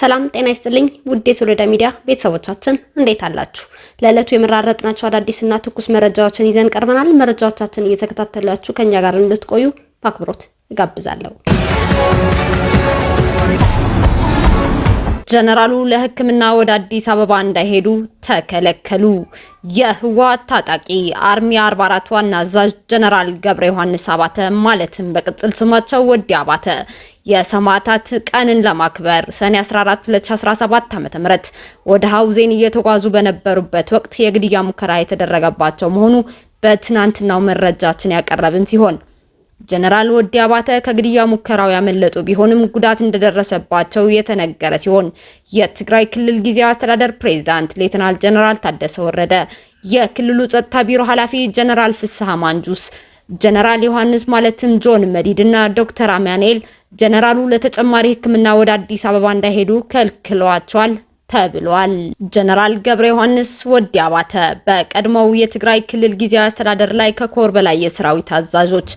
ሰላም ጤና ይስጥልኝ ውዴ ሶሎዳ ሚዲያ ቤተሰቦቻችን እንዴት አላችሁ? ለዕለቱ የመራረጥናቸው አዳዲስና ትኩስ መረጃዎችን ይዘን ቀርበናል። መረጃዎቻችን እየተከታተላችሁ ከኛ ጋር እንድትቆዩ በአክብሮት እጋብዛለሁ። ጀነራሉ ለሕክምና ወደ አዲስ አበባ እንዳይሄዱ ተከለከሉ። የህወሓት ታጣቂ አርሚ 44 ዋና አዛዥ ጀነራል ገብረ ዮሐንስ አባተ ማለትም በቅጽል ስማቸው ወዲ አባተ የሰማዕታት ቀንን ለማክበር ሰኔ 14 2017 ም ወደ ሀውዜን እየተጓዙ በነበሩበት ወቅት የግድያ ሙከራ የተደረገባቸው መሆኑ በትናንትናው መረጃችን ያቀረብን ሲሆን ጀነራል ወዲ አባተ ከግድያ ሙከራው ያመለጡ ቢሆንም ጉዳት እንደደረሰባቸው የተነገረ ሲሆን የትግራይ ክልል ጊዜያዊ አስተዳደር ፕሬዝዳንት ሌተናል ጀነራል ታደሰ ወረደ፣ የክልሉ ጸጥታ ቢሮ ኃላፊ ጀነራል ፍስሐ ማንጁስ፣ ጀነራል ዮሐንስ ማለትም ጆን መዲድ እና ዶክተር አማኑኤል ጀነራሉ ለተጨማሪ ሕክምና ወደ አዲስ አበባ እንዳይሄዱ ከልክለዋቸዋል። ተብሏል። ጀነራል ገብረ ዮሐንስ ወዲ አባተ በቀድሞው የትግራይ ክልል ጊዜያዊ አስተዳደር ላይ ከኮር በላይ የሰራዊት አዛዦች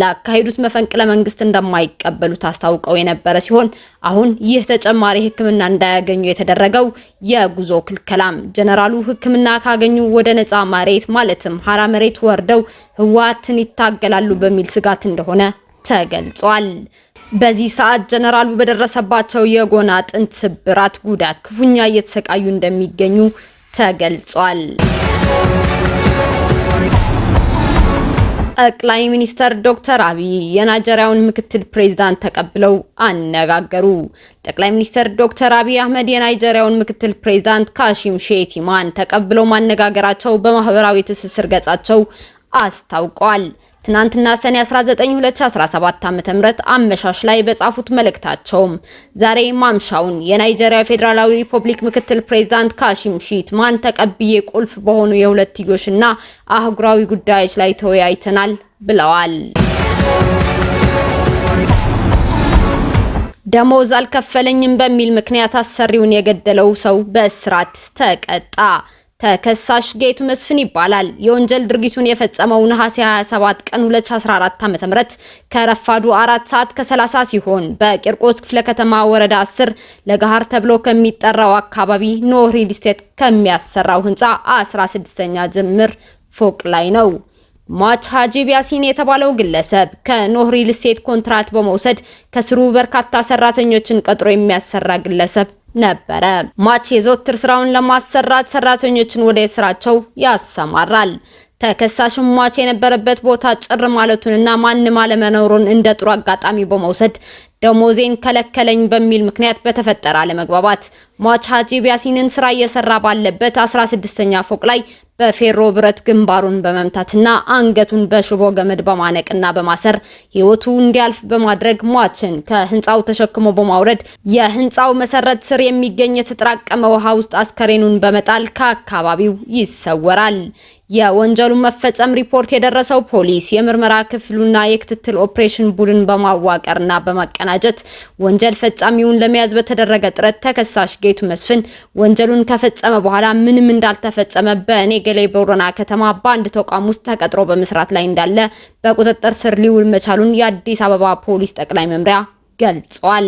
ላካሄዱት መፈንቅለ መንግስት እንደማይቀበሉት አስታውቀው የነበረ ሲሆን አሁን ይህ ተጨማሪ ሕክምና እንዳያገኙ የተደረገው የጉዞ ክልከላም ጀነራሉ ሕክምና ካገኙ ወደ ነፃ መሬት ማለትም ሀራ መሬት ወርደው ህወሓትን ይታገላሉ በሚል ስጋት እንደሆነ ተገልጿል። በዚህ ሰዓት ጀነራሉ በደረሰባቸው የጎን አጥንት ስብራት ጉዳት ክፉኛ እየተሰቃዩ እንደሚገኙ ተገልጿል። ጠቅላይ ሚኒስተር ዶክተር አብይ የናይጀሪያውን ምክትል ፕሬዝዳንት ተቀብለው አነጋገሩ። ጠቅላይ ሚኒስተር ዶክተር አብይ አህመድ የናይጀሪያውን ምክትል ፕሬዝዳንት ካሺም ሼቲማን ተቀብለው ማነጋገራቸው በማህበራዊ ትስስር ገጻቸው አስታውቋል። ትናንትና ሰኔ 19 2017 ዓ.ም አመሻሽ ላይ በጻፉት መልእክታቸውም ዛሬ ማምሻውን የናይጄሪያ ፌዴራላዊ ሪፐብሊክ ምክትል ፕሬዝዳንት ካሺም ሺትማን ተቀብዬ ቁልፍ በሆኑ የሁለትዮሽና አህጉራዊ ጉዳዮች ላይ ተወያይተናል ብለዋል። ደሞዝ አልከፈለኝም በሚል ምክንያት አሰሪውን የገደለው ሰው በእስራት ተቀጣ። ተከሳሽ ጌቱ መስፍን ይባላል። የወንጀል ድርጊቱን የፈጸመው ነሐሴ 27 ቀን 2014 ዓ.ም ከረፋዱ 4 ሰዓት ከ30 ሲሆን በቂርቆስ ክፍለ ከተማ ወረዳ 10 ለጋሃር ተብሎ ከሚጠራው አካባቢ ኖ ሪል ስቴት ከሚያሰራው ህንፃ 16ኛ ጅምር ፎቅ ላይ ነው። ሟች ሀጂብ ያሲን የተባለው ግለሰብ ከኖህ ሪል ስቴት ኮንትራት በመውሰድ ከስሩ በርካታ ሰራተኞችን ቀጥሮ የሚያሰራ ግለሰብ ነበረ። ሟች የዘወትር ስራውን ለማሰራት ሰራተኞችን ወደ ስራቸው ያሰማራል። ተከሳሽም ሟች የነበረበት ቦታ ጭር ማለቱንና ማንም አለመኖሩን እንደ ጥሩ አጋጣሚ በመውሰድ ደሞዜን ከለከለኝ በሚል ምክንያት በተፈጠረ አለመግባባት ሟች ሀጂ ቢያሲንን ስራ እየሰራ ባለበት 16ኛ ፎቅ ላይ በፌሮ ብረት ግንባሩን በመምታትና አንገቱን በሽቦ ገመድ በማነቅና በማሰር ህይወቱ እንዲያልፍ በማድረግ ሟችን ከህንፃው ተሸክሞ በማውረድ የህንፃው መሰረት ስር የሚገኝ የተጠራቀመ ውሃ ውስጥ አስከሬኑን በመጣል ከአካባቢው ይሰወራል። የወንጀሉ መፈጸም ሪፖርት የደረሰው ፖሊስ የምርመራ ክፍሉና የክትትል ኦፕሬሽን ቡድን በማዋቀርና በማቀና በማቀናጀት ወንጀል ፈጻሚውን ለመያዝ በተደረገ ጥረት ተከሳሽ ጌቱ መስፍን ወንጀሉን ከፈጸመ በኋላ ምንም እንዳልተፈጸመ በእኔ ገሌ ቦረና ከተማ በአንድ ተቋም ውስጥ ተቀጥሮ በመስራት ላይ እንዳለ በቁጥጥር ስር ሊውል መቻሉን የአዲስ አበባ ፖሊስ ጠቅላይ መምሪያ ገልጿል።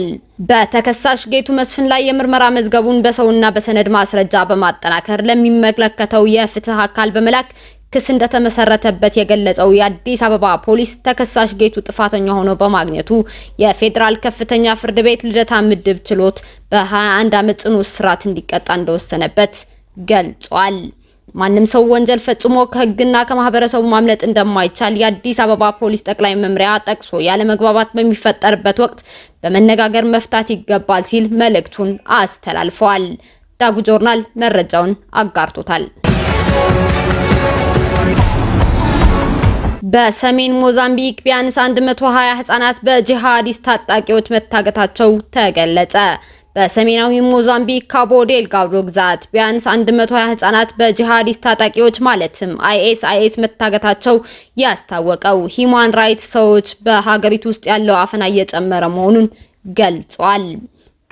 በተከሳሽ ጌቱ መስፍን ላይ የምርመራ መዝገቡን በሰውና በሰነድ ማስረጃ በማጠናከር ለሚመለከተው የፍትህ አካል በመላክ ክስ እንደተመሰረተበት የገለጸው የአዲስ አበባ ፖሊስ ተከሳሽ ጌቱ ጥፋተኛ ሆኖ በማግኘቱ የፌዴራል ከፍተኛ ፍርድ ቤት ልደታ ምድብ ችሎት በ21 ዓመት ጽኑ እስራት እንዲቀጣ እንደወሰነበት ገልጿል። ማንም ሰው ወንጀል ፈጽሞ ከህግና ከማህበረሰቡ ማምለጥ እንደማይቻል የአዲስ አበባ ፖሊስ ጠቅላይ መምሪያ ጠቅሶ ያለመግባባት በሚፈጠርበት ወቅት በመነጋገር መፍታት ይገባል ሲል መልእክቱን አስተላልፈዋል። ዳጉ ጆርናል መረጃውን አጋርቶታል። በሰሜን ሞዛምቢክ ቢያንስ 120 ህጻናት በጂሃዲስት ታጣቂዎች መታገታቸው ተገለጸ። በሰሜናዊ ሞዛምቢክ ካቦ ዴልጋዶ ግዛት ቢያንስ 120 ህጻናት በጂሃዲስት ታጣቂዎች ማለትም አይኤስአይኤስ መታገታቸው ያስታወቀው ሂማን ራይትስ ሰዎች በሀገሪቱ ውስጥ ያለው አፈና እየጨመረ መሆኑን ገልጿል።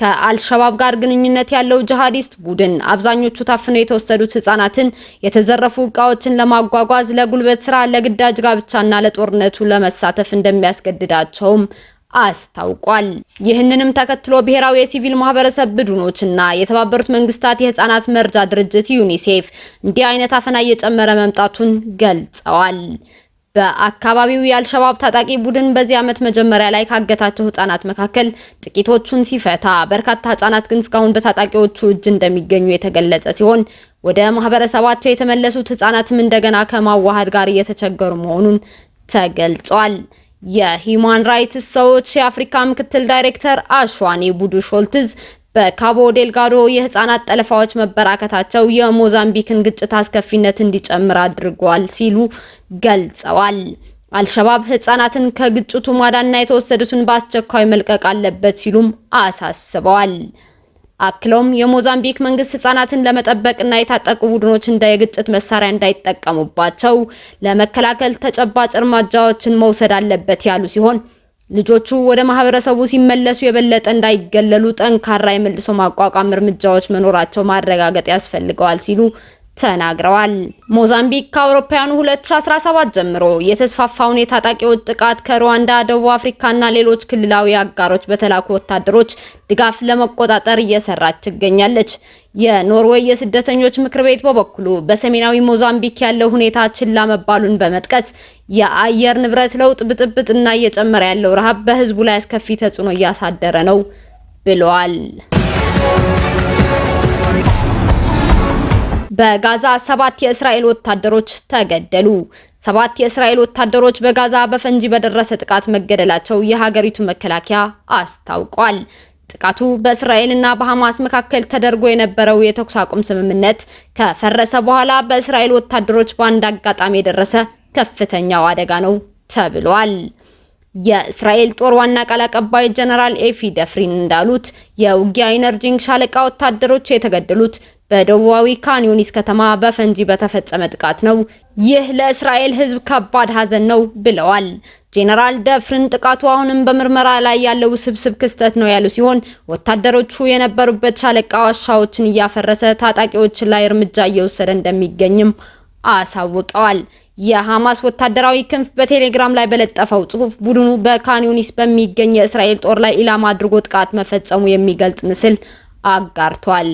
ከአልሸባብ ጋር ግንኙነት ያለው ጂሃዲስት ቡድን አብዛኞቹ ታፍነው የተወሰዱት ህጻናትን፣ የተዘረፉ እቃዎችን ለማጓጓዝ፣ ለጉልበት ስራ፣ ለግዳጅ ጋብቻና ለጦርነቱ ለመሳተፍ እንደሚያስገድዳቸውም አስታውቋል። ይህንንም ተከትሎ ብሔራዊ የሲቪል ማህበረሰብ ቡድኖችና የተባበሩት መንግስታት የህፃናት መርጃ ድርጅት ዩኒሴፍ እንዲህ አይነት አፈና እየጨመረ መምጣቱን ገልጸዋል። በአካባቢው የአልሸባብ ታጣቂ ቡድን በዚህ ዓመት መጀመሪያ ላይ ካገታቸው ህጻናት መካከል ጥቂቶቹን ሲፈታ በርካታ ህጻናት ግን እስካሁን በታጣቂዎቹ እጅ እንደሚገኙ የተገለጸ ሲሆን ወደ ማህበረሰባቸው የተመለሱት ህጻናትም እንደገና ከማዋሃድ ጋር እየተቸገሩ መሆኑን ተገልጿል። የሂዩማን ራይትስ ሰዎች የአፍሪካ ምክትል ዳይሬክተር አሽዋኔ ቡዱ ሾልትዝ በካቦ ዴልጋዶ የህፃናት ጠለፋዎች መበራከታቸው የሞዛምቢክን ግጭት አስከፊነት እንዲጨምር አድርጓል ሲሉ ገልጸዋል። አልሸባብ ህፃናትን ከግጭቱ ማዳና የተወሰዱትን በአስቸኳይ መልቀቅ አለበት ሲሉም አሳስበዋል። አክለውም የሞዛምቢክ መንግስት ህፃናትን ለመጠበቅና የታጠቁ ቡድኖች እንደ የግጭት መሳሪያ እንዳይጠቀሙባቸው ለመከላከል ተጨባጭ እርምጃዎችን መውሰድ አለበት ያሉ ሲሆን ልጆቹ ወደ ማህበረሰቡ ሲመለሱ የበለጠ እንዳይገለሉ ጠንካራ የመልሶ ማቋቋም እርምጃዎች መኖራቸው ማረጋገጥ ያስፈልገዋል ሲሉ ተናግረዋል። ሞዛምቢክ ከአውሮፓውያኑ 2017 ጀምሮ የተስፋፋውን የታጣቂዎች ጥቃት ከሩዋንዳ፣ ደቡብ አፍሪካና ሌሎች ክልላዊ አጋሮች በተላኩ ወታደሮች ድጋፍ ለመቆጣጠር እየሰራች ትገኛለች። የኖርዌይ የስደተኞች ምክር ቤት በበኩሉ በሰሜናዊ ሞዛምቢክ ያለው ሁኔታ ችላ መባሉን በመጥቀስ የአየር ንብረት ለውጥ ብጥብጥና እየጨመረ ያለው ረሃብ በህዝቡ ላይ አስከፊ ተጽዕኖ እያሳደረ ነው ብለዋል። በጋዛ ሰባት የእስራኤል ወታደሮች ተገደሉ። ሰባት የእስራኤል ወታደሮች በጋዛ በፈንጂ በደረሰ ጥቃት መገደላቸው የሀገሪቱ መከላከያ አስታውቋል። ጥቃቱ በእስራኤልና በሐማስ መካከል ተደርጎ የነበረው የተኩስ አቁም ስምምነት ከፈረሰ በኋላ በእስራኤል ወታደሮች በአንድ አጋጣሚ የደረሰ ከፍተኛው አደጋ ነው ተብሏል። የእስራኤል ጦር ዋና ቃል አቀባይ ጀነራል ኤፊ ደፍሪን እንዳሉት የውጊያ ኢነርጂንግ ሻለቃ ወታደሮች የተገደሉት በደቡባዊ ካን ዩኒስ ከተማ በፈንጂ በተፈጸመ ጥቃት ነው። ይህ ለእስራኤል ሕዝብ ከባድ ሐዘን ነው ብለዋል። ጄኔራል ደፍርን ጥቃቱ አሁንም በምርመራ ላይ ያለው ውስብስብ ክስተት ነው ያሉ ሲሆን ወታደሮቹ የነበሩበት ሻለቃ ዋሻዎችን እያፈረሰ ታጣቂዎች ላይ እርምጃ እየወሰደ እንደሚገኝም አሳውቀዋል። የሐማስ ወታደራዊ ክንፍ በቴሌግራም ላይ በለጠፈው ጽሑፍ ቡድኑ በካን ዩኒስ በሚገኝ የእስራኤል ጦር ላይ ኢላማ አድርጎ ጥቃት መፈጸሙ የሚገልጽ ምስል አጋርቷል።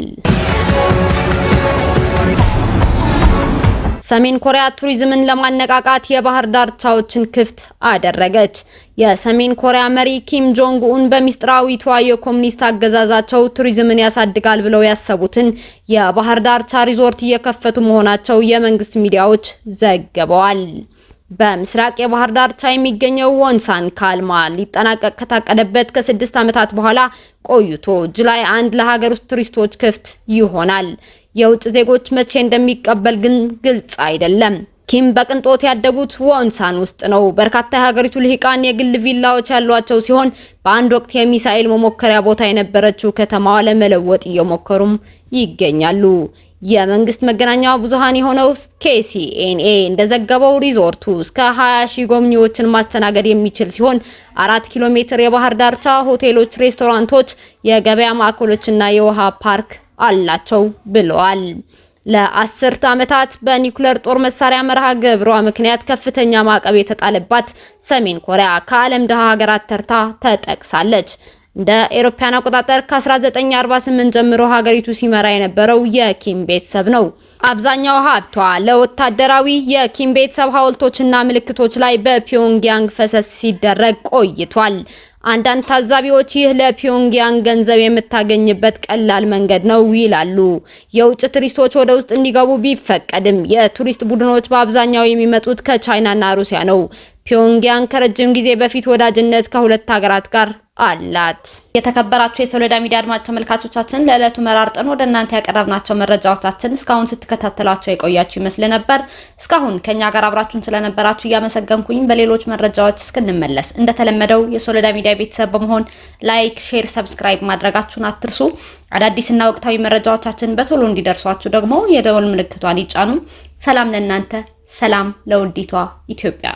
ሰሜን ኮሪያ ቱሪዝምን ለማነቃቃት የባህር ዳርቻዎችን ክፍት አደረገች። የሰሜን ኮሪያ መሪ ኪም ጆንግ ኡን በሚስጥራዊቷ የኮሙኒስት አገዛዛቸው ቱሪዝምን ያሳድጋል ብለው ያሰቡትን የባህር ዳርቻ ሪዞርት እየከፈቱ መሆናቸው የመንግስት ሚዲያዎች ዘግበዋል። በምስራቅ የባህር ዳርቻ የሚገኘው ወንሳን ካልማ ሊጠናቀቅ ከታቀደበት ከስድስት ዓመታት በኋላ ቆይቶ ጁላይ አንድ ለሀገር ውስጥ ቱሪስቶች ክፍት ይሆናል። የውጭ ዜጎች መቼ እንደሚቀበል ግን ግልጽ አይደለም። ኪም በቅንጦት ያደጉት ወንሳን ውስጥ ነው። በርካታ የሀገሪቱ ልሂቃን የግል ቪላዎች ያሏቸው ሲሆን በአንድ ወቅት የሚሳኤል መሞከሪያ ቦታ የነበረችው ከተማዋ ለመለወጥ እየሞከሩም ይገኛሉ። የመንግስት መገናኛ ብዙሃን የሆነው ኬሲኤንኤ እንደዘገበው ሪዞርቱ እስከ 20 ሺህ ጎብኚዎችን ማስተናገድ የሚችል ሲሆን አራት ኪሎ ሜትር የባህር ዳርቻ ሆቴሎች፣ ሬስቶራንቶች፣ የገበያ ማዕከሎችና የውሃ ፓርክ አላቸው ብለዋል። ለአስርት ዓመታት በኒኩለር ጦር መሳሪያ መርሃ ግብሯ ምክንያት ከፍተኛ ማዕቀብ የተጣለባት ሰሜን ኮሪያ ከዓለም ድሃ ሀገራት ተርታ ተጠቅሳለች። እንደ ኤሮፓያን አቆጣጠር ከ1948 ጀምሮ ሀገሪቱ ሲመራ የነበረው የኪም ቤተሰብ ነው። አብዛኛው ሀብቷ ለወታደራዊ የኪም ቤተሰብ ሀውልቶችና ምልክቶች ላይ በፒዮንግያንግ ፈሰስ ሲደረግ ቆይቷል። አንዳንድ ታዛቢዎች ይህ ለፒዮንግያንግ ገንዘብ የምታገኝበት ቀላል መንገድ ነው ይላሉ። የውጭ ቱሪስቶች ወደ ውስጥ እንዲገቡ ቢፈቀድም የቱሪስት ቡድኖች በአብዛኛው የሚመጡት ከቻይናና ሩሲያ ነው። ፒዮንግያንግ ከረጅም ጊዜ በፊት ወዳጅነት ከሁለት ሀገራት ጋር አላት። የተከበራችሁ የሶሎዳ ሚዲያ አድማጭ ተመልካቾቻችን ለዕለቱ መራርጠን ወደ እናንተ ያቀረብናቸው መረጃዎቻችን እስካሁን ስትከታተላቸው የቆያችሁ ይመስል ነበር። እስካሁን ከኛ ጋር አብራችሁን ስለነበራችሁ እያመሰገንኩኝ በሌሎች መረጃዎች እስክንመለስ እንደተለመደው የሶሎዳ ሚዲያ ቤተሰብ በመሆን ላይክ፣ ሼር፣ ሰብስክራይብ ማድረጋችሁን አትርሱ። አዳዲስና ወቅታዊ መረጃዎቻችን በቶሎ እንዲደርሷችሁ ደግሞ የደወል ምልክቷን ይጫኑ። ሰላም ለእናንተ፣ ሰላም ለውዲቷ ኢትዮጵያ።